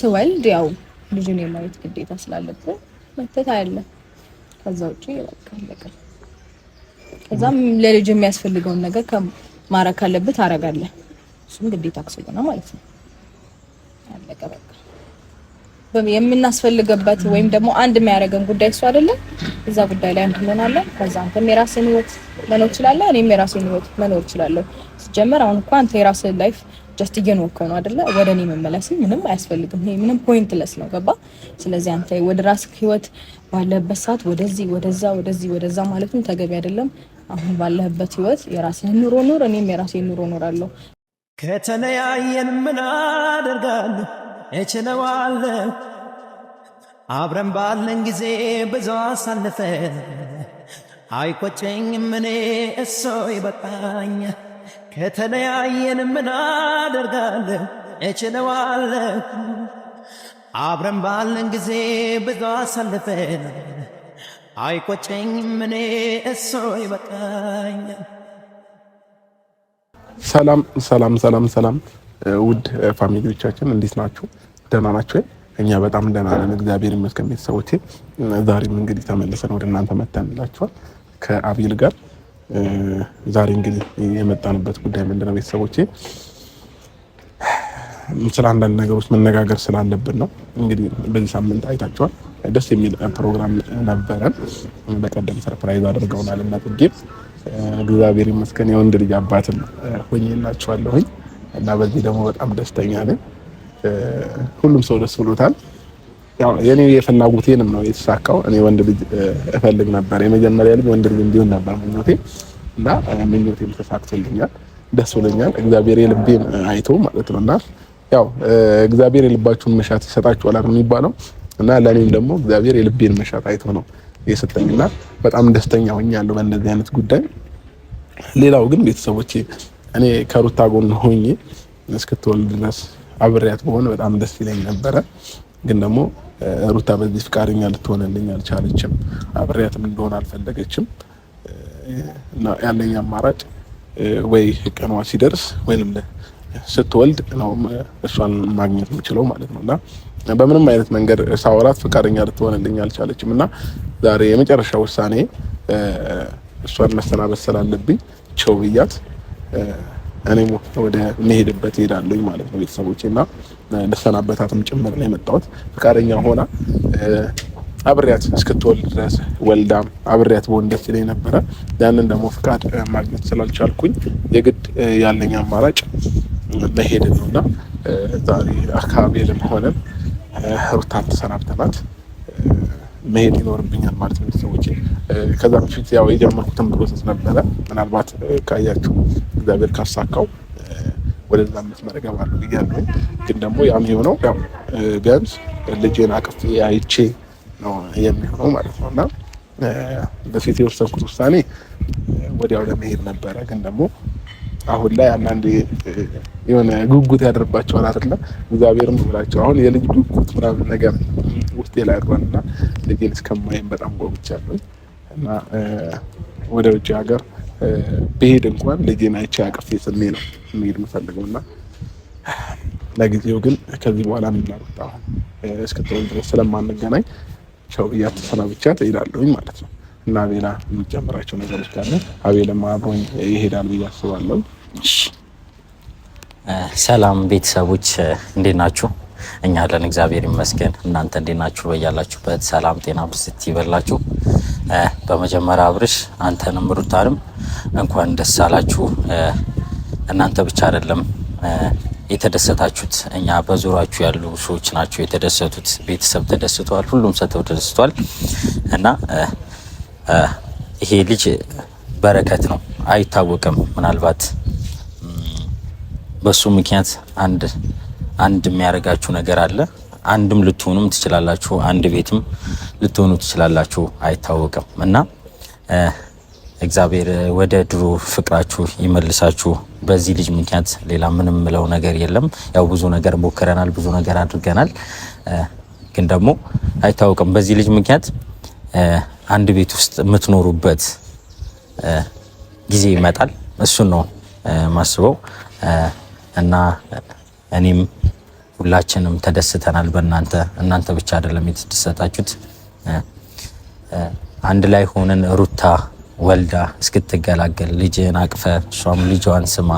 ስወልድ ያው ልጅን የማየት ግዴታ ስላለብን መተት አያለ። ከዛ ውጭ አለቀ። ከዛም ለልጅ የሚያስፈልገውን ነገር ማረግ ካለብህ ታረጋለህ። እሱም ግዴታ ስለሆነ ማለት ነው። አለቀ በቃ። የምናስፈልገበት ወይም ደግሞ አንድ የሚያደርገን ጉዳይ እሱ አይደለም። እዛ ጉዳይ ላይ አንድ እንሆናለን። ከዛ አንተም የራስህን ህይወት መኖር ትችላለህ፣ እኔም የራሴን ህይወት መኖር ችላለሁ። ሲጀመር አሁን እኮ አንተ የራስህን ላይፍ ጀስት እየኖርከው ነው አይደለ? ወደ እኔ መመለስም ምንም አያስፈልግም። ይሄ ምንም ፖይንትለስ ነው። ገባ? ስለዚህ አንተ ወደ ራስህ ህይወት ባለህበት ሰዓት ወደዚህ ወደዛ ወደዚህ ወደዛ ማለትም ተገቢ አይደለም። አሁን ባለህበት ህይወት የራስህን ኑሮ ኑር፣ እኔም የራሴን ኑሮ ኖራለሁ። ከተለያየን ምን አደርጋለሁ? እችለዋለሁ። አብረን ባለን ጊዜ ብዙ አሳልፈን አይቆጨኝም። እኔ እሶ ይበቃኛል ከተለያየን ምን አደርጋለሁ እችለዋለሁ። አብረን ባለን ጊዜ ብዙ አሳልፈን አይቆጨኝም እኔ እሶ ይበቃኛል። ሰላም ሰላም ሰላም ሰላም፣ ውድ ፋሚሊዎቻችን እንዴት ናችሁ? ደህና ናችሁ? እኛ በጣም ደህና ነን፣ እግዚአብሔር ይመስገን። ቤተሰቦቼ ዛሬም እንግዲህ ተመልሰን ወደ እናንተ መተንላችኋል ከአቢል ጋር ዛሬ እንግዲህ የመጣንበት ጉዳይ ምንድነው? ቤተሰቦቼ ስለ አንዳንድ ነገሮች መነጋገር ስላለብን ነው። እንግዲህ በዚህ ሳምንት አይታችኋል፣ ደስ የሚል ፕሮግራም ነበረን። በቀደም ሰርፕራይዝ አድርገውናል እና ጥጌ እግዚአብሔር ይመስገን የወንድ ልጅ አባትም ሆኜላችኋለሁኝ እና በዚህ ደግሞ በጣም ደስተኛ ነኝ። ሁሉም ሰው ደስ ብሎታል። ያው የኔ የፍላጎቴንም ነው የተሳካው። እኔ ወንድ ልጅ እፈልግ ነበር፣ የመጀመሪያ ልጅ ወንድ ልጅ እንዲሆን ነበር ምኞቴ እና ምኞቴም ተሳክቶልኛል፣ ደስ ብሎኛል። እግዚአብሔር የልቤን አይቶ ማለት ነው እና ያው እግዚአብሔር የልባችሁን መሻት ይሰጣችኋል የሚባለው እና ለእኔም ደግሞ እግዚአብሔር የልቤን መሻት አይቶ ነው እና በጣም ደስተኛ ሆኛለሁ በእንደዚህ አይነት ጉዳይ። ሌላው ግን ቤተሰቦቼ እኔ ከሩታ ጎን ሆኜ እስክትወልድ ድረስ አብሬያት በሆነ በጣም ደስ ይለኝ ነበረ ግን ደግሞ ሩታ በዚህ ፍቃደኛ ልትሆንልኝ አልቻለችም። አብሬያትም እንደሆነ አልፈለገችም እና ያለኝ አማራጭ ወይ ቀኗ ሲደርስ ወይም ስትወልድ ነው እሷን ማግኘት የምችለው ማለት ነው እና በምንም አይነት መንገድ ሳወራት ፍቃደኛ ልትሆንልኝ አልቻለችም እና ዛሬ የመጨረሻ ውሳኔ እሷን መሰናበት ስላለብኝ ቸው ብያት እኔም ወደ መሄድበት ይሄዳለኝ ማለት ነው። ቤተሰቦች እና ልሰናበታትም ጭምር ነው የመጣሁት። ፈቃደኛ ሆና አብሬያት እስክትወልድ ድረስ ወልዳም አብሬያት በሆን ደስ ይለኝ ነበረ። ያንን ደግሞ ፍቃድ ማግኘት ስላልቻልኩኝ የግድ ያለኝ አማራጭ መሄድ ነው እና ዛሬ አካባቢ ልም ሆነን ሩታን ተሰናብተናት መሄድ ይኖርብኛል ማለት ነው። ሰዎች ከዛ በፊት ያው የጀመርኩትን ፕሮሰስ ነበረ። ምናልባት ካያችሁ እግዚአብሔር ካሳካው ወደዛ መስመር እገባለሁ ብያለሁ። ግን ደግሞ ያም የሆነው ያው ቢያንስ ልጄን አቅፍ አይቼ ነው የሚሆነው ማለት ነው እና በፊት የወሰንኩት ውሳኔ ወዲያው ለመሄድ ነበረ። ግን ደግሞ አሁን ላይ አንዳንድ የሆነ ጉጉት ያደርባቸዋል አይደለ? እግዚአብሔርም ብላቸው አሁን የልጅ ጉጉት ምናምን ነገር ውስጤ ላይ አድሯል እና ልጌን እስከማይም በጣም ጓጉቻለሁ እና ወደ ውጭ ሀገር ብሄድ እንኳን ልጌን አይቼ አቅፌ ስሜ ነው መሄድ የምፈልገው እና ለጊዜው ግን ከዚህ በኋላ የምናሩት አሁን እስክትሆን ድረስ ስለማንገናኝ ቸው ብቻ እሄዳለሁኝ ማለት ነው እና አቤላ የሚጨምራቸው ነገሮች ካለ አቤልም አብሮኝ ይሄዳል ብዬ አስባለሁ። ሰላም ቤተሰቦች እንዴት ናችሁ? እኛ አለን፣ እግዚአብሔር ይመስገን። እናንተ እንዴት ናችሁ? በያላችሁበት ሰላም ጤና ብስት ይበላችሁ። በመጀመሪያ አብርሽ አንተንም ሩታንም እንኳን ደስ አላችሁ። እናንተ ብቻ አይደለም የተደሰታችሁት፣ እኛ በዙሪያችሁ ያሉ ሰዎች ናቸው የተደሰቱት። ቤተሰብ ተደስቷል፣ ሁሉም ሰው ተደስቷል። እና ይሄ ልጅ በረከት ነው፣ አይታወቅም ምናልባት በሱ ምክንያት አንድ አንድ የሚያደርጋችሁ ነገር አለ። አንድም ልትሆኑም ትችላላችሁ፣ አንድ ቤትም ልትሆኑ ትችላላችሁ፣ አይታወቅም እና እግዚአብሔር ወደ ድሮ ፍቅራችሁ ይመልሳችሁ። በዚህ ልጅ ምክንያት ሌላ ምንም ምለው ነገር የለም። ያው ብዙ ነገር ሞክረናል፣ ብዙ ነገር አድርገናል። ግን ደግሞ አይታወቅም። በዚህ ልጅ ምክንያት አንድ ቤት ውስጥ የምትኖሩበት ጊዜ ይመጣል። እሱን ነው ማስበው እና እኔም ሁላችንም ተደስተናል በእናንተ። እናንተ ብቻ አይደለም የተደሰታችሁት። አንድ ላይ ሆነን ሩታ ወልዳ እስክትገላገል ልጅን አቅፈ እሷም ልጇን ስማ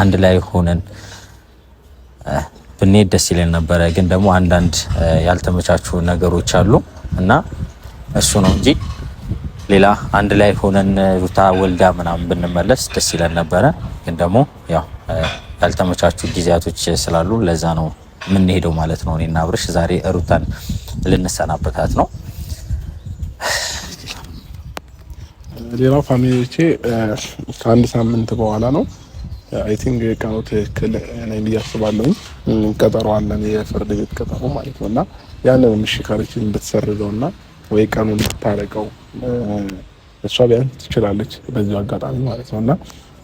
አንድ ላይ ሆነን ብንሄድ ደስ ይለን ነበረ። ግን ደግሞ አንዳንድ ያልተመቻቹ ነገሮች አሉ እና እሱ ነው እንጂ ሌላ አንድ ላይ ሆነን ሩታ ወልዳ ምናምን ብንመለስ ደስ ይለን ነበረ። ግን ደግሞ ያው ያልተመቻቹ ጊዜያቶች ስላሉ ለዛ ነው የምንሄደው ማለት ነው። እኔና አብርሽ ዛሬ ሩታን ልንሰናበታት ነው። ሌላው ፋሚሊዎቼ ከአንድ ሳምንት በኋላ ነው አይ ቲንክ ቀኑ ትክክል ነኝ ብዬ አስባለሁ። ቀጠሮ አለን የፍርድ ቤት ቀጠሮ ማለት ነው እና ያንን ምሽካሪችን እንድትሰርዘው እና ወይ ቀኑ እንድታረቀው እሷ ቢያንስ ትችላለች በዚሁ አጋጣሚ ማለት ነው እና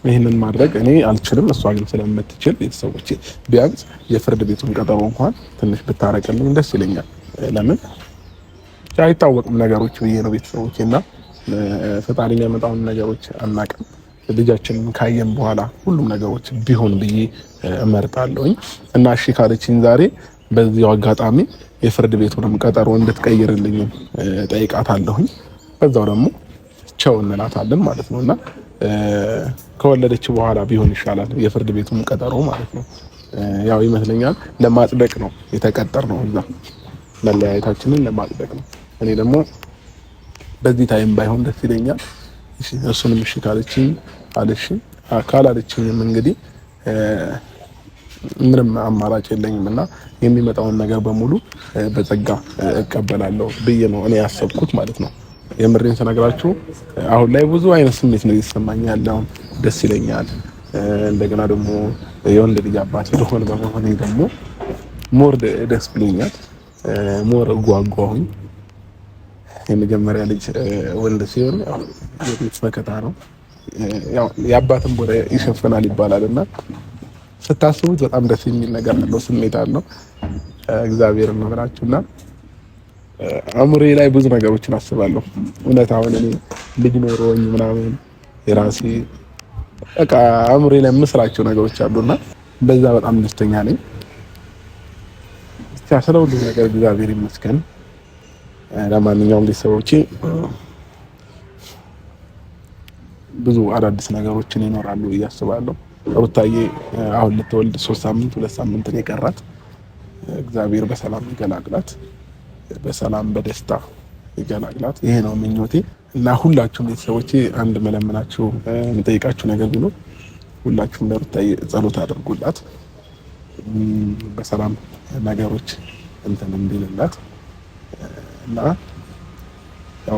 ይህንን ማድረግ እኔ አልችልም፣ እሷ ግን ስለምትችል ቤተሰቦቼ ቢያንስ የፍርድ ቤቱን ቀጠሮ እንኳን ትንሽ ብታረቅልኝ ደስ ይለኛል። ለምን አይታወቅም ነገሮች ብዬ ነው ቤተሰቦች እና ፈጣሪ የሚያመጣውን ነገሮች አናቅም። ልጃችንን ካየን በኋላ ሁሉም ነገሮች ቢሆን ብዬ እመርጣለሁኝ። እና እሺ ካለችኝ ዛሬ በዚው አጋጣሚ የፍርድ ቤቱንም ቀጠሮ እንድትቀይርልኝም ጠይቃታለሁኝ። በዛው ደግሞ ቸው እንላታለን ማለት ነው እና ከወለደች በኋላ ቢሆን ይሻላል። የፍርድ ቤቱም ቀጠሮ ማለት ነው። ያው ይመስለኛል ለማጽደቅ ነው የተቀጠር ነው እዛ መለያየታችንን ለማጽደቅ ነው። እኔ ደግሞ በዚህ ታይም ባይሆን ደስ ይለኛል። እሱንም እሺ ካለችኝ አለሽ ካላለችኝም እንግዲህ ምንም አማራጭ የለኝም እና የሚመጣውን ነገር በሙሉ በጸጋ እቀበላለሁ ብዬ ነው እኔ ያሰብኩት ማለት ነው። የምሬን ስነግራችሁ አሁን ላይ ብዙ አይነት ስሜት ነው እየተሰማኛል። ያለው። ደስ ይለኛል። እንደገና ደግሞ የወንድ ልጅ አባት እንደሆነ በመሆኔ ደግሞ ሞር ደስ ብሎኛል። ሞር እጓጓሁኝ። የመጀመሪያ ልጅ ወንድ ሲሆን የቤት መከታ ነው፣ የአባትን ቦታ ይሸፍናል ይባላል እና ስታስቡት በጣም ደስ የሚል ነገር አለው፣ ስሜት አለው። እግዚአብሔር ነግራችሁና አእምሮዬ ላይ ብዙ ነገሮችን አስባለሁ። እውነት አሁን እኔ ልጅ ኖሮኝ ምናምን የራሴ በቃ አእምሮዬ ላይ የምስላቸው ነገሮች አሉና በዛ በጣም ደስተኛ ነኝ። ብቻ ስለ ሁሉም ነገር እግዚአብሔር ይመስገን። ለማንኛውም ቤተሰቦቼ ብዙ አዳዲስ ነገሮችን ይኖራሉ ብዬ አስባለሁ። ሩታዬ አሁን ልትወልድ ሶስት ሳምንት ሁለት ሳምንትን የቀራት እግዚአብሔር በሰላም ይገላግላት። በሰላም በደስታ ይገላግላት። ይሄ ነው ምኞቴ እና ሁላችሁም ቤተሰቦች አንድ መለምናችሁ የምጠይቃችሁ ነገር ብሎ ሁላችሁም ለሩታዬ ጸሎት አድርጉላት። በሰላም ነገሮች እንትን እንዲልላት እና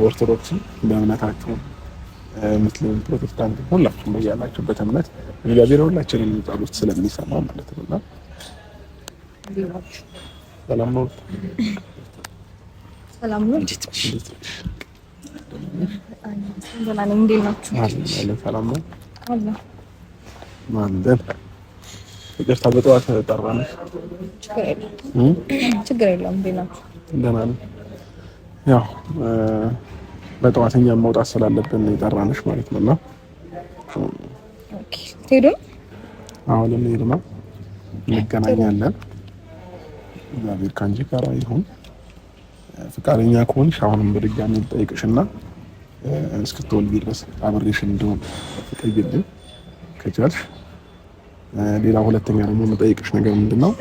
ኦርቶዶክስም በእምነታችሁ ሙስሊም፣ ፕሮቴስታንት ሁላችሁም በያላችሁበት እምነት እግዚአብሔር ሁላችንም ጸሎት ስለሚሰማ ማለት ነውና ሰላም ነው። ሰላም ነው። ይቅርታ በጠዋት ጠራ ነው። ችግር ያው በጠዋት መውጣት ስላለብን የጠራንሽ ማለት ነው። እና ትሄዱ? አሁን ልንሄድ ነው። እንገናኛለን። እግዚአብሔር ከአንቺ ጋር ይሁን። ፈቃደኛ ከሆንሽ አሁንም በድጋሚ ልጠይቅሽና እስክትወልድ ድረስ አብሬሽ እንደሆን ትጠይቅልኝ ከቻልሽ። ሌላ ሁለተኛ ደግሞ የምጠይቅሽ ነገር ምንድን ነው?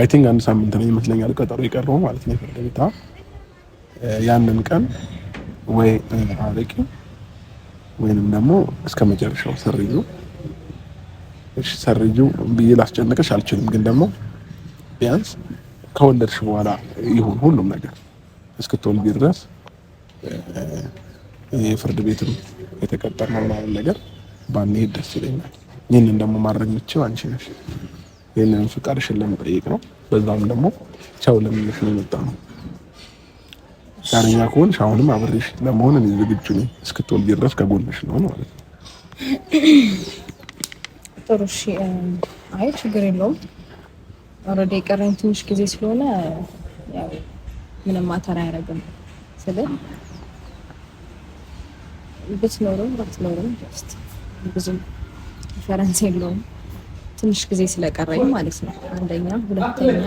አይ ቲንክ አንድ ሳምንት ነው ይመስለኛል ቀጠሮ የቀረው ማለት ነው የፍርድ ቤታ ያንን ቀን ወይ አረቂ ወይንም ደግሞ እስከ መጨረሻው ሰርዩ። እሺ ሰርዩ ብዬ ላስጨንቀሽ አልችልም፣ ግን ደግሞ ቢያንስ ከወለድሽ በኋላ ይሁን ሁሉም ነገር እስክትወልጂ ድረስ የፍርድ ቤትም የተቀጠርነው ምናምን ነገር ባንሄድ ደስ ይለኛል። ይህንን ደግሞ ማድረግ የምችው አንቺ ነሽ። ይህንን ፍቃድሽን ለመጠየቅ ነው። በዛም ደግሞ ቻው ለምንሽ ነው የመጣ ነው። ዳነኛ ከሆንሽ አሁንም አብሬሽ ለመሆን እኔ ዝግጁ ነኝ። እስክትወልጂ ድረስ ከጎንሽ ነው ማለት ነው። ጥሩ እሺ። አይ ችግር የለውም። ኦልሬዲ የቀረኝ ትንሽ ጊዜ ስለሆነ ያው ምንም ማተር አያደርግም። ስለ ብትኖርም ባትኖርም ጀስት ብዙም ዲፈረንስ የለውም። ትንሽ ጊዜ ስለቀረኝ ማለት ነው። አንደኛ፣ ሁለተኛ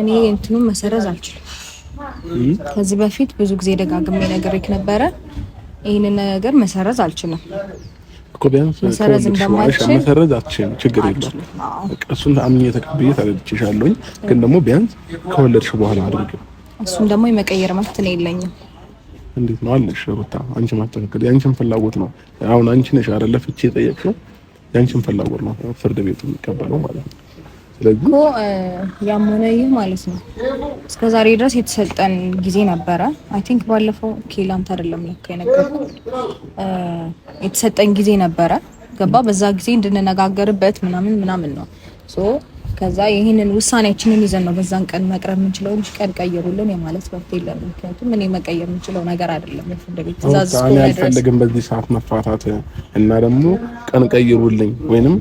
እኔ እንትኑን መሰረዝ አልችልም። ከዚህ በፊት ብዙ ጊዜ ደጋግሜ ነግሬክ ነበረ። ይህንን ነገር መሰረዝ አልችልም። እኮ ቢያንስ መሰረዝ አትችልም፣ ችግር የለም። እሱን አምኜ ተቀብዬ ተረድቼሻለሁኝ። ግን ደግሞ ቢያንስ ከወለድሽ በኋላ አድርግ። እሱን ደግሞ የመቀየር መብት ነው የለኝም። እንዴት ነው አለሽ? ሩታ አንቺ ማስተካከል የአንቺን ፍላጎት ነው። አሁን አንቺ ነሽ አይደለ ፍቺ የጠየቅሽው፣ የአንቺን ፍላጎት ነው ፍርድ ቤቱ የሚቀበለው ማለት ነው። እኮ ያም ሆነ ይህ ማለት ነው እስከ ዛሬ ድረስ የተሰጠን ጊዜ ነበረ። አይ ቲንክ ባለፈው ኬላንት አይደለም ለካ የነገርኩህ የተሰጠን ጊዜ ነበረ። ገባ በዛ ጊዜ እንድንነጋገርበት ምናምን ምናምን ነው። ሶ ከዛ ይህንን ውሳኔያችንን ይዘን ነው በዛን ቀን መቅረብ የምንችለው እንጂ ቀን ቀየሩልን የማለት መብት የለም። ምክንያቱም እኔ መቀየር የምንችለው ነገር አይደለም። የፍርድ ቤት ትእዛዝ አልፈልግም በዚህ ሰዓት መፋታት እና ደግሞ ቀን ቀይሩልኝ ወይንም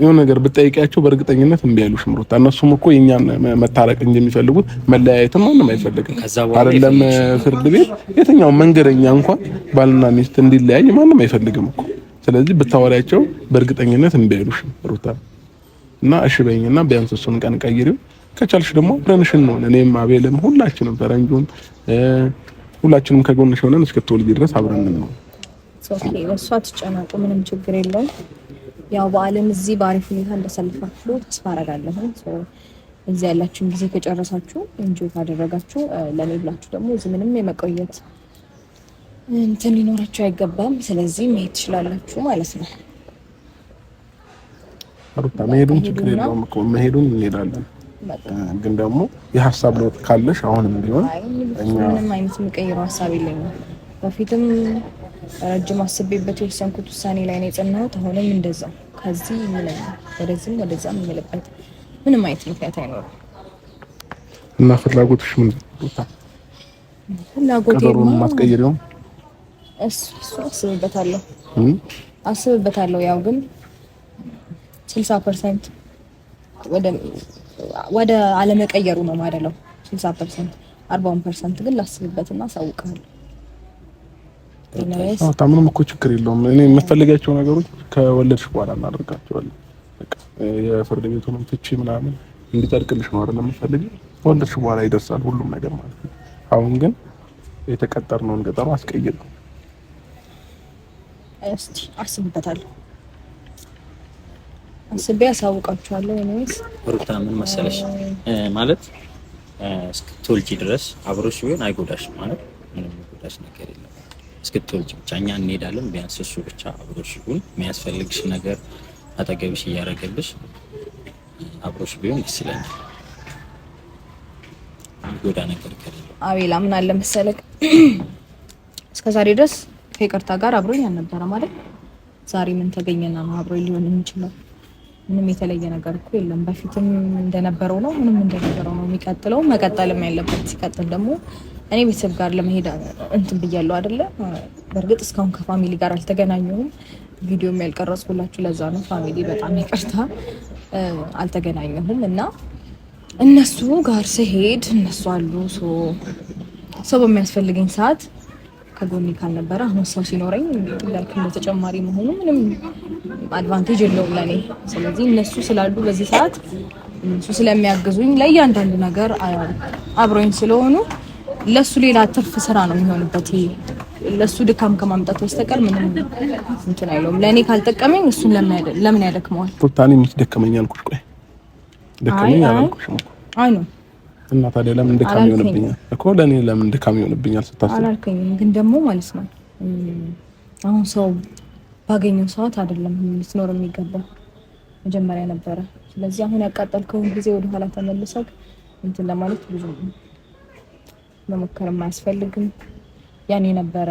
የሆነ ነገር ብጠይቂያቸው በእርግጠኝነት እምቢ ያሉሽ ምሩታ። እነሱም እኮ የእኛን መታረቅ እንጂ የሚፈልጉት መለያየትን ማንም አይፈልግም። አይደለም ፍርድ ቤት፣ የትኛው መንገደኛ እንኳን ባልና ሚስት እንዲለያይ ማንም አይፈልግም እኮ። ስለዚህ ብታወሪያቸው በእርግጠኝነት እምቢ ያሉሽ ምሩታ እና እሺ በይኝና ቢያንስ እሱን ቀን ቀይሪው። ከቻልሽ ደግሞ አብረንሽ እንሆን እኔም አቤልም ሁላችንም ፈረንጁም ሁላችንም ከጎንሽ ሆነን እስክትወልጂ ድረስ አብረን እንሆን። እሷ ትጨናቁ፣ ምንም ችግር የለውም። ያው በዓልን እዚህ በአሪፍ ሁኔታ እንዳሳልፋችሁ ተስፋ አረጋለሁ። እዚህ ያላችሁን ጊዜ ከጨረሳችሁ እንጆይ ካደረጋችሁ፣ ለእኔ ብላችሁ ደግሞ እዚህ ምንም የመቆየት እንትን ሊኖራችሁ አይገባም። ስለዚህ መሄድ ትችላላችሁ ማለት ነው። መሄዱም ችግር የለውም እኮ መሄዱም እንሄዳለን። ግን ደግሞ የሀሳብ ለውጥ ካለሽ አሁንም ቢሆን ምንም አይነት የሚቀይረው ሀሳብ የለኝም በፊትም ረጅም አስቤበት የወሰንኩት ውሳኔ ላይ ነው የጸናሁት። አሁንም እንደዛ ከዚህ ይለኛል ወደዚህም ወደዛም የምልበት ምንም አይነት ምክንያት አይኖርም። እና ፍላጎትሽ ምን ነው? ፍላጎቴ ማትቀይሪውም እሱ አስብበታለሁ አስብበታለሁ። ያው ግን ስልሳ ፐርሰንት ወደ አለመቀየሩ ነው ማደለው። ስልሳ ፐርሰንት አርባውን ፐርሰንት ግን ላስብበትና አሳውቅሃለሁ። ነው እኮ ችግር የለውም። እኔ የምፈልጋቸው ነገሮች ከወለድሽ በኋላ እናደርጋቸዋለን። የፍርድ ቤቱንም ፍቺ ምናምን እንዲጠርቅልሽ ነው አይደል የምፈልገው። ወለድሽ በኋላ ይደርሳል ሁሉም ነገር ማለት ነው። አሁን ግን የተቀጠርነውን ቀጠሮ አስቀይር ነው። እስቲ አስብበታለሁ። አስቤ አሳውቃችኋለሁ። ወይስ ሩታ ምን መሰለሽ ማለት እስክትወልጂ ድረስ አብሮሽ ቢሆን አይጎዳሽ ማለት ምንም ጎዳሽ ነገር የለም እስክትወልጅ ብቻ እኛ እንሄዳለን። ቢያንስ እሱ ብቻ አብሮሽ ይሁን። የሚያስፈልግሽ ነገር አጠገብሽ እያደረገልሽ አብሮሽ ቢሆን ደስ ይለኛል። ጎዳ ነገር ከሌለው አቤላ ምን አለ መሰለህ፣ እስከዛሬ ድረስ ከይቅርታ ጋር አብሮኝ አልነበረም አይደል? ዛሬ ምን ተገኘና ነው አብሮኝ ሊሆን የሚችለው? ምንም የተለየ ነገር እኮ የለም። በፊትም እንደነበረው ነው፣ ምንም እንደነበረው ነው የሚቀጥለው፣ መቀጠልም ያለበት ሲቀጥል ደግሞ እኔ ቤተሰብ ጋር ለመሄድ እንትን ብያለሁ አይደለ? በእርግጥ እስካሁን ከፋሚሊ ጋር አልተገናኘሁም። ቪዲዮም ያልቀረጽኩላችሁ ለዛ ነው። ፋሚሊ በጣም ይቅርታ፣ አልተገናኘሁም እና እነሱ ጋር ስሄድ እነሱ አሉ። ሰው በሚያስፈልገኝ ሰዓት ከጎኒ ካልነበረ አሁን ሰው ሲኖረኝ ላልክ ተጨማሪ መሆኑ ምንም አድቫንቴጅ የለውም ለእኔ። ስለዚህ እነሱ ስላሉ በዚህ ሰዓት እነሱ ስለሚያግዙኝ ለእያንዳንዱ ነገር አብሮኝ ስለሆኑ ለሱ ሌላ ትርፍ ስራ ነው የሚሆንበት። ለሱ ድካም ከማምጣት በስተቀር ምንም እንትን አይለውም። ለእኔ ካልጠቀመኝ እሱን ለምን ያደክመዋል? ፖርታኒ ምት ደከመኝ አልኩሽ። ቆይ ደከመኝ አላልኩሽም አይ ነው። እና ታዲያ ለምን ድካም ይሆንብኛል እኮ ለእኔ ለምን ድካም ይሆንብኛል ስታስብ አላልከኝም። ግን ደግሞ ማለት ነው አሁን ሰው ባገኘው ሰዓት አይደለም ልትኖር የሚገባው መጀመሪያ ነበረ። ስለዚህ አሁን ያቃጠልከውን ጊዜ ወደኋላ ተመልሰህ እንትን ለማለት ብዙ ነው መሞከርም አያስፈልግም። ያኔ ነበረ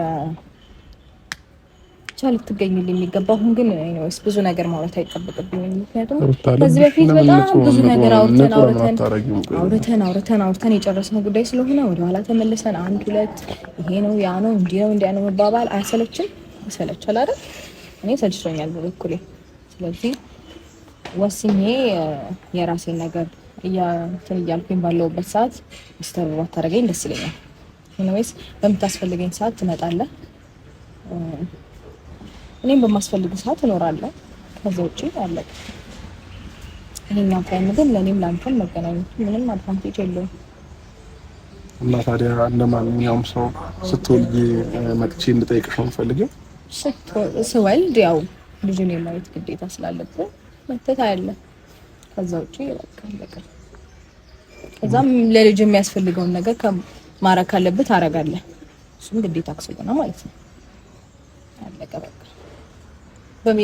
ብቻ ልትገኝል የሚገባ አሁን ግን ኒስ ብዙ ነገር ማውራት አይጠበቅብኝም። ምክንያቱም ከዚህ በፊት በጣም ብዙ ነገር አውርተን አውርተን አውርተን አውርተን አውርተን የጨረስነው ጉዳይ ስለሆነ ወደኋላ ተመልሰን አንድ ሁለት ይሄ ነው ያ ነው እንዲህ ነው እንዲያ ነው መባባል አያሰለችም? ይሰለቻል አይደል? እኔ ሰልችቶኛል በበኩሌ። ስለዚህ ወስኜ የራሴን ነገር እያልኩኝ ባለውበት ሰዓት ዲስተርብ ባታደርገኝ ደስ ይለኛል። ኤኒዌይስ በምታስፈልገኝ ሰዓት ትመጣለህ፣ እኔም በማስፈልግ ሰዓት እኖራለሁ። ከዛ ውጭ አለቅ ይሄኛው ታይም ግን ለእኔም ለአንተም መገናኘቱ ምንም አድቫንቴጅ የለውም። እና ታዲያ እንደ ማንኛውም ሰው ስትወልጂ መጥቼ እንድጠይቅሽ ነው የምፈልገው። ስወልድ ያው ልጁን የማየት ግዴታ ስላለብን መተታ ያለ ከዛ ውጭ በቃ አለቀ። ከዛም ለልጅ የሚያስፈልገውን ነገር ማረግ ካለበት አረጋለ። እሱም ግዴታ አክሱና ማለት ነው።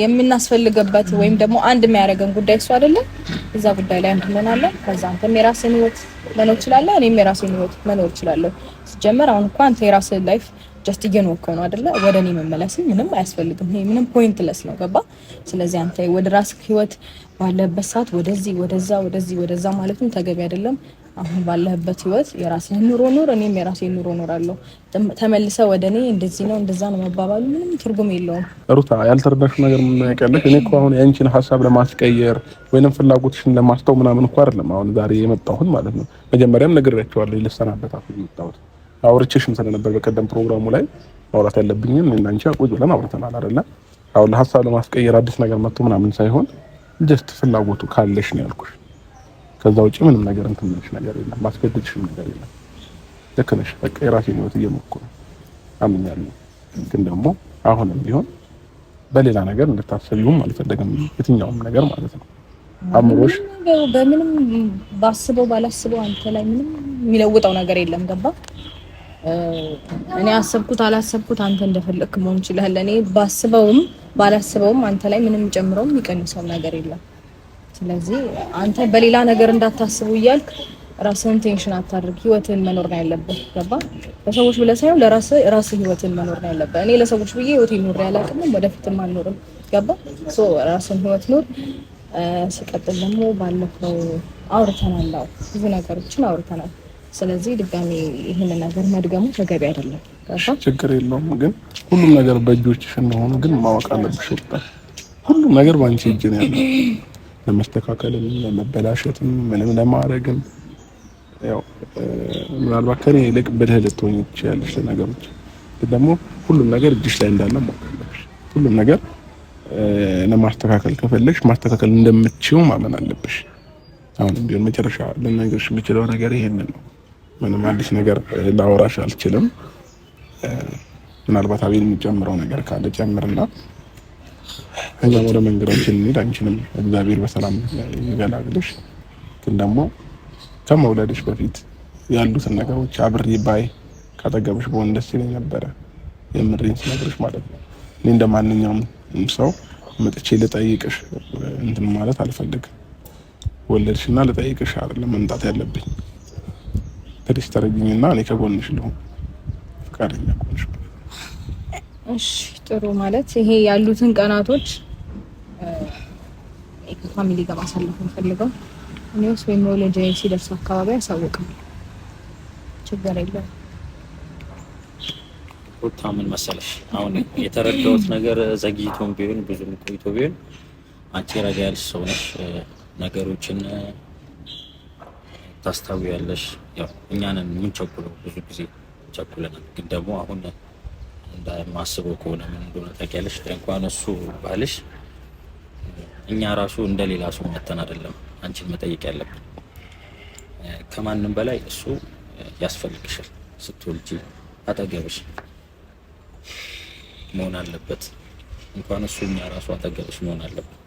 የምናስፈልገበት ወይም ደግሞ አንድ የሚያደርገን ጉዳይ እሱ አይደለም። እዛ ጉዳይ ላይ አንድ እንሆናለን። ከዛ አንተም የራስህን ህይወት መኖር ይችላለ፣ እኔም የራሴን ህይወት መኖር ይችላለሁ። ሲጀመር አሁን እንኳን አንተ የራስህን ላይፍ ጀስት እየኖርከው ነው አይደለ? ወደ እኔ መመለስ ምንም አያስፈልግም። ይሄ ምንም ፖይንትለስ ነው። ገባ? ስለዚህ አንተ ወደ ራስህ ህይወት ባለበት ሰዓት ወደዚህ ወደዛ ወደዚህ ወደዛ ማለትም ተገቢ አይደለም። አሁን ባለህበት ህይወት የራስህን ኑሮ ኖር፣ እኔም የራሴን ኑሮ ኖራለሁ። ተመልሰ ወደ እኔ እንደዚህ ነው እንደዛ ነው መባባሉ ምንም ትርጉም የለውም። ሩታ ያልተረዳሽ ነገር ምናቀለሽ። እኔ እኮ አሁን የአንቺን ሀሳብ ለማስቀየር ወይንም ፍላጎትሽን ለማስተው ምናምን እኮ አይደለም አሁን ዛሬ የመጣሁን ማለት ነው። መጀመሪያም ነግሬያቸዋለሁ ልሰናበት አፍ የመጣሁት አውርቼሽም ስለነበር በቀደም ፕሮግራሙ ላይ ማውራት ያለብኝም እናንቺ ቁጭ ብለን አውርተናል አይደለ? አሁን ለሀሳብ ለማስቀየር አዲስ ነገር መጥቶ ምናምን ሳይሆን ጀስት ፍላጎቱ ካለሽ ነው ያልኩሽ። ከዛ ውጪ ምንም ነገር እንትን ምንሽ ነገር የለም። ማስገድድሽም ነገር የለም። ልክ ነሽ። በቃ የራሴን ህይወት እየሞኩ ነው አምኛለሁ። ግን ደግሞ አሁንም ቢሆን በሌላ ነገር እንድታሰቢውም አልፈለግም። የትኛውም ነገር ማለት ነው አምሮሽ በምንም ባስበው ባላስበው አንተ ላይ ምንም የሚለውጠው ነገር የለም። ገባ? እኔ አሰብኩት አላሰብኩት አንተ እንደፈለግክ መሆን ይችላል። እኔ ባስበውም ባላስበውም አንተ ላይ ምንም ጨምረውም የሚቀንሰው ነገር የለም። ስለዚህ አንተ በሌላ ነገር እንዳታስቡ እያልክ ራስህን ቴንሽን አታድርግ። ህይወትን መኖር ነው ያለብህ። ገባ? ለሰዎች ብለህ ሳይሆን ለራስህ ራስህ ህይወትን መኖር ነው ያለብህ። እኔ ለሰዎች ብዬ ህይወት ኖር ያላቅምም ወደፊትም አልኖርም። ገባ? ሶ ራስን ህይወት ኖር። ሲቀጥል ደግሞ ባለፈው አውርተናል፣ ብዙ ነገሮችን አውርተናል። ስለዚህ ድጋሜ ይህን ነገር መድገሙ ተገቢ አይደለም። ችግር የለውም ግን ሁሉም ነገር በእጆችሽ እንደሆነ ግን ማወቅ አለብሽ። ሁሉም ነገር በአንቺ እጅ ነው ያለው ለመስተካከልም ለመበላሸትም ምንም ለማድረግም ያው ምናልባት ከኔ ይልቅ ብልህ ልትሆኝ ትችያለሽ። ነገሮች ደግሞ ሁሉም ነገር እጅሽ ላይ እንዳለ ማቀለሽ ሁሉም ነገር ለማስተካከል ከፈለግሽ ማስተካከል እንደምትችው ማመን አለብሽ። አሁንም ቢሆን መጨረሻ ልነግርሽ የምችለው ነገር ይሄንን ነው። ምንም አዲስ ነገር ላወራሽ አልችልም። ምናልባት አቤል የሚጨምረው ነገር ካለ ጨምርና ከዛም ወደ መንገዳችን እንሄድ። አንቺንም እግዚአብሔር በሰላም ይገላግልሽ። ግን ደግሞ ከመውለድሽ በፊት ያሉትን ነገሮች አብሬ ባይ ካጠገብሽ በሆን ደስ ይለኝ ነበረ። የምሬን ስነግርሽ ማለት ነው። እኔ እንደ ማንኛውም ሰው መጥቼ ልጠይቅሽ እንትን ማለት አልፈልግም። ወለድሽና ልጠይቅሽ አይደለም መምጣት ያለብኝ። ትሪስ ተረጅኝና እኔ ከጎንሽ ልሆን ፈቃደኛ ከሆንሽ እሺ ጥሩ ማለት ይሄ ያሉትን ቀናቶች ከፋሚሊ ጋር ማሳለፍ እንፈልገው። እኔውስ ወይም መውለጃ ሲደርስ አካባቢ ያሳውቅም ችግር የለውም። ቦታ ምን መሰለሽ፣ አሁን የተረዳሁት ነገር ዘግይቶም ቢሆን ብዙም ቆይቶ ቢሆን አንቺ ረጋ ያልሽ ሰው ነሽ፣ ነገሮችን ታስታውያለሽ። ያው እኛንን የምንቸኩለው ብዙ ጊዜ ቸኩለናል፣ ግን ደግሞ አሁን እንደማስበው ከሆነ ምን እንደሆነ ታውቂያለሽ። እንኳን እሱ ባልሽ እኛ ራሱ እንደ ሌላ ሰው መተን አይደለም አንቺን መጠየቅ ያለብን። ከማንም በላይ እሱ ያስፈልግሻል። ስትወልጂ አጠገብሽ መሆን አለበት። እንኳን እሱ እኛ ራሱ አጠገብሽ መሆን አለበት።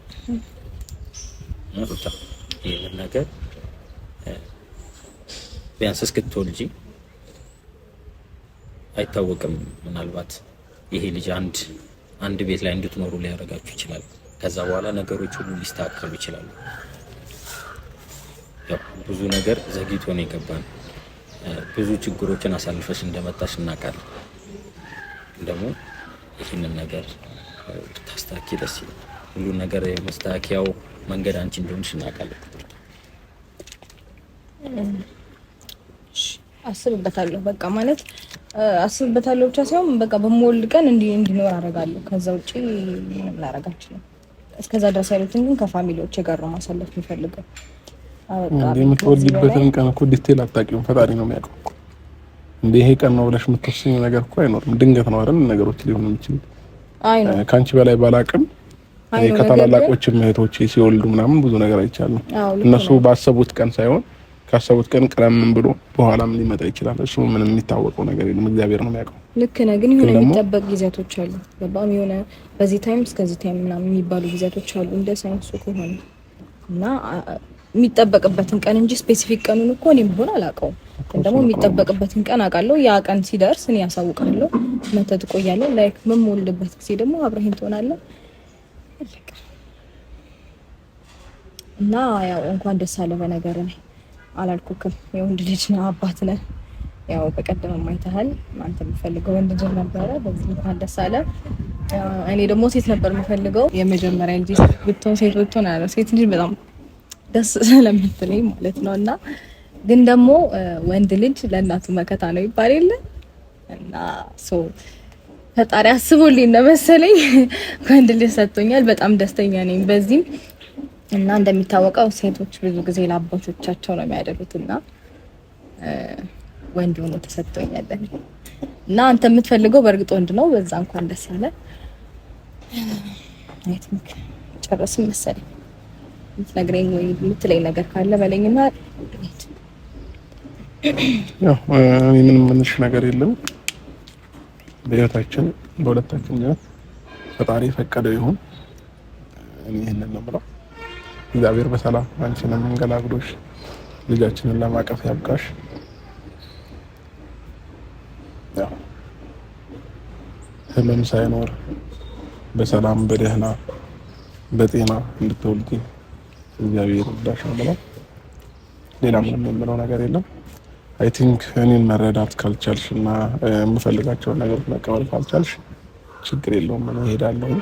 ይህንን ነገር ቢያንስ እስክትወልጂ አይታወቅም። ምናልባት ይሄ ልጅ አንድ አንድ ቤት ላይ እንድትኖሩ ሊያደርጋችሁ ይችላል። ከዛ በኋላ ነገሮች ሁሉ ሊስተካከሉ ይችላሉ። ብዙ ነገር ዘግይቶ ነው የገባን። ብዙ ችግሮችን አሳልፈሽ እንደመጣሽ እናውቃለን። ደግሞ ይህንን ነገር ታስታኪ ደስ ይላል። ሁሉ ነገር የመስታኪያው መንገድ አንቺ እንደሆንሽ እናውቃለን። አስብበታለሁ በቃ ማለት አስብበታለሁ ብቻ ሳይሆን በቃ በምወልድ ቀን እንዲ እንዲኖር አደርጋለሁ። ከዛ ውጭ ምንም ላደርጋችሁ ነው። እስከዛ ድረስ ያሉትን ግን ከፋሚሊዎች ጋር ነው ማሳለፍ የሚፈልገው። የምትወልድበትን ቀን እኮ ዲቴል አታውቂውም፣ ፈጣሪ ነው የሚያውቀው። እንደ ይሄ ቀን ነው ብለሽ የምትወስኝ ነገር እኮ አይኖርም። ድንገት ነው አይደል ነገሮች ሊሆኑ የሚችሉት። ከአንቺ በላይ ባላቅም ከታላላቆችም እህቶቼ ሲወልዱ ምናምን ብዙ ነገር አይቻለሁ። እነሱ ባሰቡት ቀን ሳይሆን ካሰቡት ቀን ቀደም ብሎ በኋላም ሊመጣ ይችላል። እሱ ምንም የሚታወቀው ነገር የለም፣ እግዚአብሔር ነው የሚያውቀው። ልክ ነህ፣ ግን የሆነ የሚጠበቅ ጊዜያቶች አሉ። በጣም የሆነ በዚህ ታይም እስከዚህ ታይም ምናምን የሚባሉ ጊዜያቶች አሉ፣ እንደ ሳይንሱ ከሆነ እና የሚጠበቅበትን ቀን እንጂ ስፔሲፊክ ቀኑን እኮ እኔም ሆነ አላውቀውም። ግን ደግሞ የሚጠበቅበትን ቀን አውቃለሁ። ያ ቀን ሲደርስ እኔ ያሳውቃለሁ። መተህ ትቆያለህ። ላይክ በምወልድበት ጊዜ ደግሞ አብረኸኝ ትሆናለህ እና ያው እንኳን ደስ አለ በነገር ላይ አላልኩክም። የወንድ ልጅ ነው አባት ነ ያው በቀደም ማይተሃል አንተ የምፈልገው ወንድ ልጅ ነበረ። በዚህ እንኳን ደስ አለ። እኔ ደግሞ ሴት ነበር የምፈልገው። የመጀመሪያ ልጅ ብትሆን ሴት ብትሆን አለ ሴት ልጅ በጣም ደስ ስለምትለኝ ማለት ነው። እና ግን ደግሞ ወንድ ልጅ ለእናቱ መከታ ነው ይባል የለ እና ሰው ፈጣሪ አስቦልኝ እንደመሰለኝ ወንድ ልጅ ሰጥቶኛል። በጣም ደስተኛ ነኝ በዚህም እና እንደሚታወቀው ሴቶች ብዙ ጊዜ ለአባቶቻቸው ነው የሚያደሉት እና ወንድ ሆኖ ተሰጥቶኛል እና አንተ የምትፈልገው በእርግጥ ወንድ ነው። በዛ እንኳን ደስ ያለ አይ ቲንክ ጨረስን መሰለኝ። የምትነግረኝ ወይ የምትለኝ ነገር ካለ በለኝና ያው ምንም ምንሽ ነገር የለም። በህይወታችን በሁለታችን ፈጣሪ ፈቀደው ይሁን። እኔ ይህንን ነው የምለው። እግዚአብሔር በሰላም አንቺንም እንገላግሎሽ ልጃችንን ለማቀፍ ያብቃሽ። ህመም ሳይኖር በሰላም በደህና በጤና እንድትወልጂ እግዚአብሔር ይርዳሽ ብለው ሌላ ምንም የምለው ነገር የለም። አይ ቲንክ እኔን መረዳት ካልቻልሽ እና የምፈልጋቸውን ነገሮች መቀበል ካልቻልሽ ችግር የለውም እሄዳለሁ።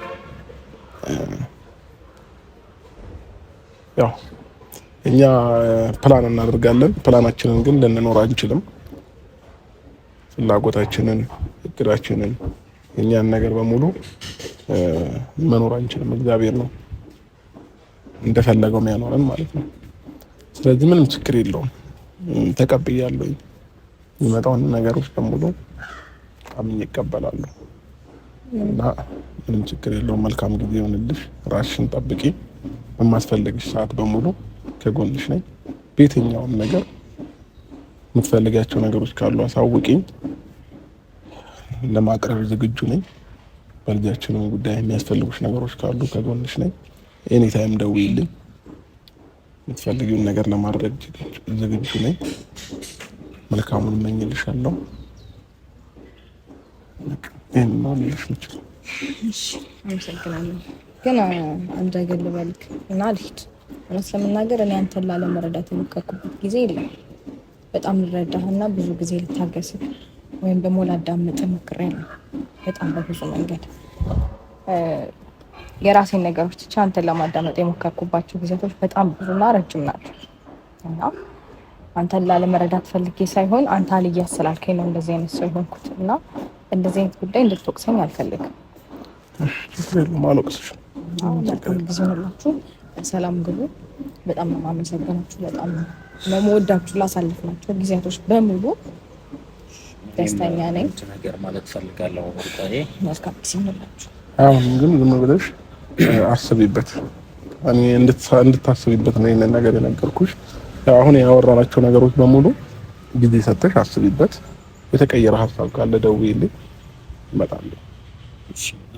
ያው እኛ ፕላን እናደርጋለን። ፕላናችንን ግን ልንኖር አንችልም። ፍላጎታችንን፣ እቅዳችንን፣ የእኛን ነገር በሙሉ መኖር አንችልም። እግዚአብሔር ነው እንደፈለገው የሚያኖረን ማለት ነው። ስለዚህ ምንም ችግር የለውም። ተቀብያለሁ። የሚመጣውን ነገሮች በሙሉ አምኜ ይቀበላሉ እና ምንም ችግር የለውም። መልካም ጊዜ ይሆንልሽ። ራስሽን ጠብቂ። በማስፈልግሽ ሰዓት በሙሉ ከጎንሽ ነኝ። በየትኛውም ነገር የምትፈልጋቸው ነገሮች ካሉ አሳውቂኝ፣ ለማቅረብ ዝግጁ ነኝ። በልጃችንም ጉዳይ የሚያስፈልጉሽ ነገሮች ካሉ ከጎንሽ ነኝ። ኤኒ ታይም ደውይልኝ። የምትፈልጊውን ነገር ለማድረግ ዝግጁ ነኝ። መልካሙን እመኝልሻለሁ። ይህን ነው ልልሽ ምችል። አመሰግናለሁ። ግን እንዳይገል በልክ እና አልሄድ እውነት ለመናገር እኔ አንተን ላለመረዳት የሞከርኩበት ጊዜ የለም። በጣም ልረዳህ እና ብዙ ጊዜ ልታገስህ ወይም ደግሞ ላዳምጥህ ሞክሬያለሁ። በጣም በብዙ መንገድ የራሴን ነገሮች ብቻ አንተን ለማዳመጥ የሞከርኩባቸው ጊዜቶች በጣም ብዙና ረጅም ናቸው እና አንተን ላለመረዳት ፈልጌ ሳይሆን አንተ አልያዝ ስላልከኝ ነው እንደዚህ አይነት ሰው የሆንኩት እና እንደዚህ አይነት ጉዳይ እንድትወቅሰኝ አልፈልግም። መልካም ጊዜ ሆላችሁ ሰላም ግቡ። በጣም ነው የማመሰግናችሁ። በጣም ነው መወዳችሁ። ላሳልፍናቸው ጊዜያቶች በሙሉ ደስተኛ ነኝ። ነገር ማለት ፈልጋለሁ። መልካም ጊዜ ሆላችሁ። አሁን ግን ዝም ብለሽ አስቢበት፣ እንድታስቢበት ነው ይህንን ነገር የነገርኩሽ። አሁን ያወራናቸው ነገሮች በሙሉ ጊዜ ሰጥተሽ አስቢበት። የተቀየረ ሀሳብ ካለ ደውዪልኝ፣ እመጣለሁ።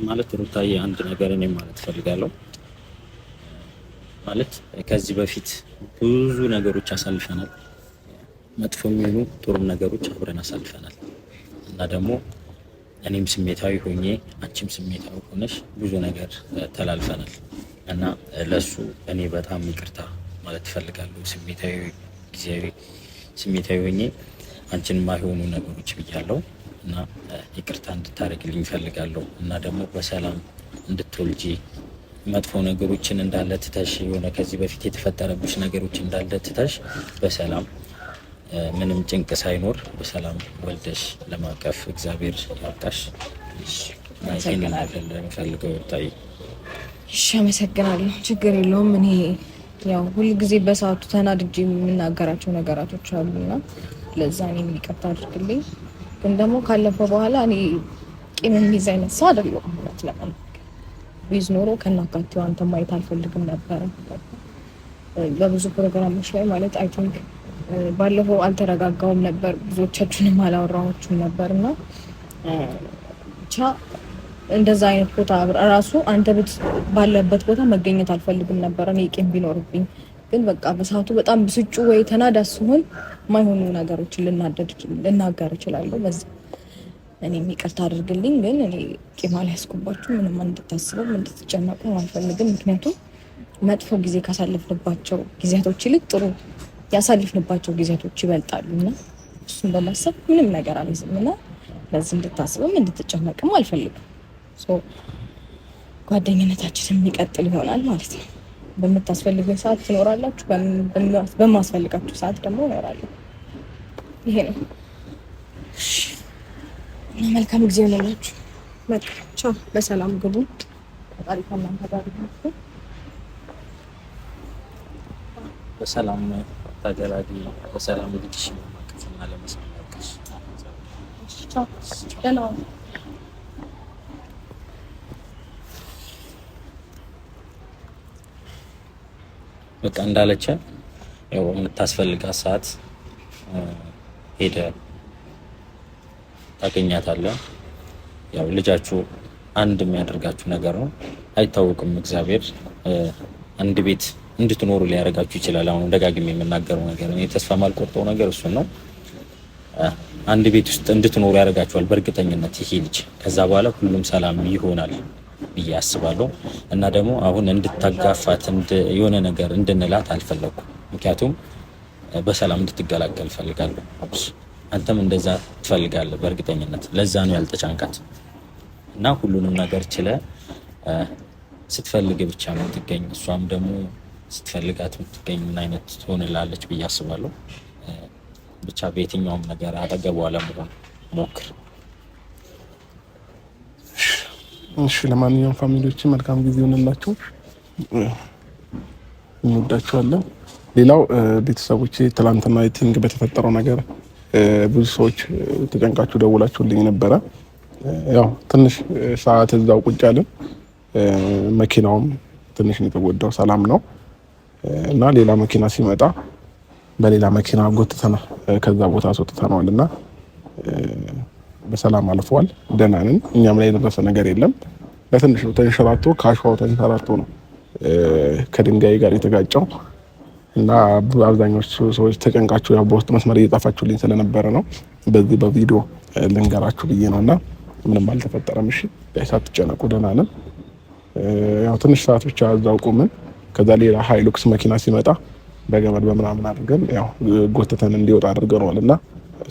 ማለት ሩታዬ አንድ ነገር እኔ ማለት ፈልጋለሁ። ማለት ከዚህ በፊት ብዙ ነገሮች አሳልፈናል። መጥፎ የሚሆኑ ጥሩም ነገሮች አብረን አሳልፈናል እና ደግሞ እኔም ስሜታዊ ሆኜ አንቺም ስሜታዊ ሆነሽ ብዙ ነገር ተላልፈናል እና ለሱ እኔ በጣም ይቅርታ ማለት እፈልጋለሁ። ስሜታዊ ጊዜያዊ ስሜታዊ ሆኜ አንቺን ማይሆኑ ነገሮች ብያለሁ። እና ይቅርታ እንድታደርግልኝ እፈልጋለሁ እና ደግሞ በሰላም እንድትወልጂ መጥፎ ነገሮችን እንዳለ ትተሽ የሆነ ከዚህ በፊት የተፈጠረብሽ ነገሮች እንዳለ ትተሽ በሰላም ምንም ጭንቅ ሳይኖር በሰላም ወልደሽ ለማቀፍ እግዚአብሔር ያብቃሽ። ፈልገው ይታይ። እሺ፣ አመሰግናለሁ። ችግር የለውም። እኔ ያው ሁልጊዜ በሰዓቱ ተናድጄ የምናገራቸው ነገራቶች አሉና ለዛ እኔም ይቅርታ አድርግልኝ። ግን ደግሞ ካለፈ በኋላ እኔ ቂም የሚይዝ አይነት ሰው አይደለሁም። እውነት ለመናገር ቢዝ ኖሮ ከናካቴው አንተ ማየት አልፈልግም ነበረ። በብዙ ፕሮግራሞች ላይ ማለት አይ ቲንክ ባለፈው አልተረጋጋውም ነበር፣ ብዙዎቻችሁንም አላወራዎችም ነበር እና ብቻ እንደዛ አይነት ቦታ ራሱ አንተ ባለበት ቦታ መገኘት አልፈልግም ነበር እኔ ቂም ቢኖርብኝ ግን በቃ በሰዓቱ በጣም ብስጩ ወይ ተናዳ ሲሆን ማይሆኑ ነገሮችን ልናገር እችላለሁ። በዚህ እኔ ይቅርታ አድርግልኝ። ግን እኔ ቂም አልያዝኩባችሁ። ምንም እንድታስበው እንድትጨነቁ አልፈልግም። ምክንያቱም መጥፎ ጊዜ ካሳለፍንባቸው ጊዜያቶች ይልቅ ጥሩ ያሳልፍንባቸው ጊዜያቶች ይበልጣሉ እና እሱን በማሰብ ምንም ነገር አልይዝም እና ለዚህ እንድታስብም እንድትጨነቅም አልፈልግም። ጓደኝነታችን የሚቀጥል ይሆናል ማለት ነው። በምታስፈልገኝ ሰዓት ትኖራላችሁ፣ በማስፈልጋችሁ ሰዓት ደግሞ እኖራለሁ። ይሄ ነው። መልካም ጊዜ ሆነላችሁ። መጣቻ በሰላም ግቡ። ፈጣሪ ከእናንተ ጋር በሰላም ታገላጊ በሰላም ልጅሽ ለማቀፍና ለመሳናቀሽ በቃ እንዳለች ያው የምታስፈልጋት ሰዓት ሄደ ታገኛታለህ። ያው ልጃችሁ አንድ የሚያደርጋችሁ ነገር ነው፣ አይታወቅም። እግዚአብሔር አንድ ቤት እንድትኖሩ ሊያደርጋችሁ ይችላል። አሁን ደጋግሜ የምናገረው ነገር እኔ ተስፋ ማልቆርጠው ነገር እሱን ነው። አንድ ቤት ውስጥ እንድትኖሩ ያደርጋችኋል በእርግጠኝነት ይሄ ልጅ። ከዛ በኋላ ሁሉም ሰላም ይሆናል። ብዬ አስባለሁ። እና ደግሞ አሁን እንድታጋፋት የሆነ ነገር እንድንላት አልፈለኩም። ምክንያቱም በሰላም እንድትገላገል ፈልጋለሁ። አንተም እንደዛ ትፈልጋለህ በእርግጠኝነት። ለዛ ነው ያልተጫንቃት እና ሁሉንም ነገር ችለ ስትፈልግ ብቻ የምትገኝ እሷም ደግሞ ስትፈልጋት የምትገኝ ምን አይነት ትሆንላለች ብዬ አስባለሁ። ብቻ በየትኛውም ነገር አጠገቧ ለመሆን ሞክር። እሺ ለማንኛውም ፋሚሊዎች መልካም ጊዜ ይሆንላችሁ፣ እንወዳችኋለን። ሌላው ቤተሰቦች ትላንትና አይ ቲንክ በተፈጠረው ነገር ብዙ ሰዎች ተጨንቃችሁ ደውላችሁልኝ ነበረ። ያው ትንሽ ሰዓት እዛው ቁጭ አለን። መኪናውም ትንሽ ነው የተጎዳው፣ ሰላም ነው እና ሌላ መኪና ሲመጣ በሌላ መኪና ጎትተና ከዛ ቦታ አስወጥተነዋል እና በሰላም አልፈዋል። ደህና ነን። እኛም ላይ የደረሰ ነገር የለም። ለትንሽ ነው ተንሸራቶ ከአሸዋው ተንሸራቶ ነው ከድንጋይ ጋር የተጋጨው እና አብዛኞቹ ሰዎች ተጨንቃችሁ ያው በውስጥ መስመር እየጻፋችሁልኝ ስለነበረ ነው በዚህ በቪዲዮ ልንገራችሁ ብዬ ነው እና ምንም አልተፈጠረም። እሺ ሳትጨነቁ ደህና ነን። ያው ትንሽ ሰዓት ብቻ እዛው ቆምን። ከዛ ሌላ ሀይሉክስ መኪና ሲመጣ በገመድ በምናምን አድርገን ያው ጎተተን እንዲወጣ አድርገነዋል እና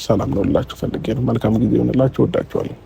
ሰላም ነው ልላችሁ ፈልጌ ነው። መልካም ጊዜ ይሆንላችሁ። ወዳችኋለሁ።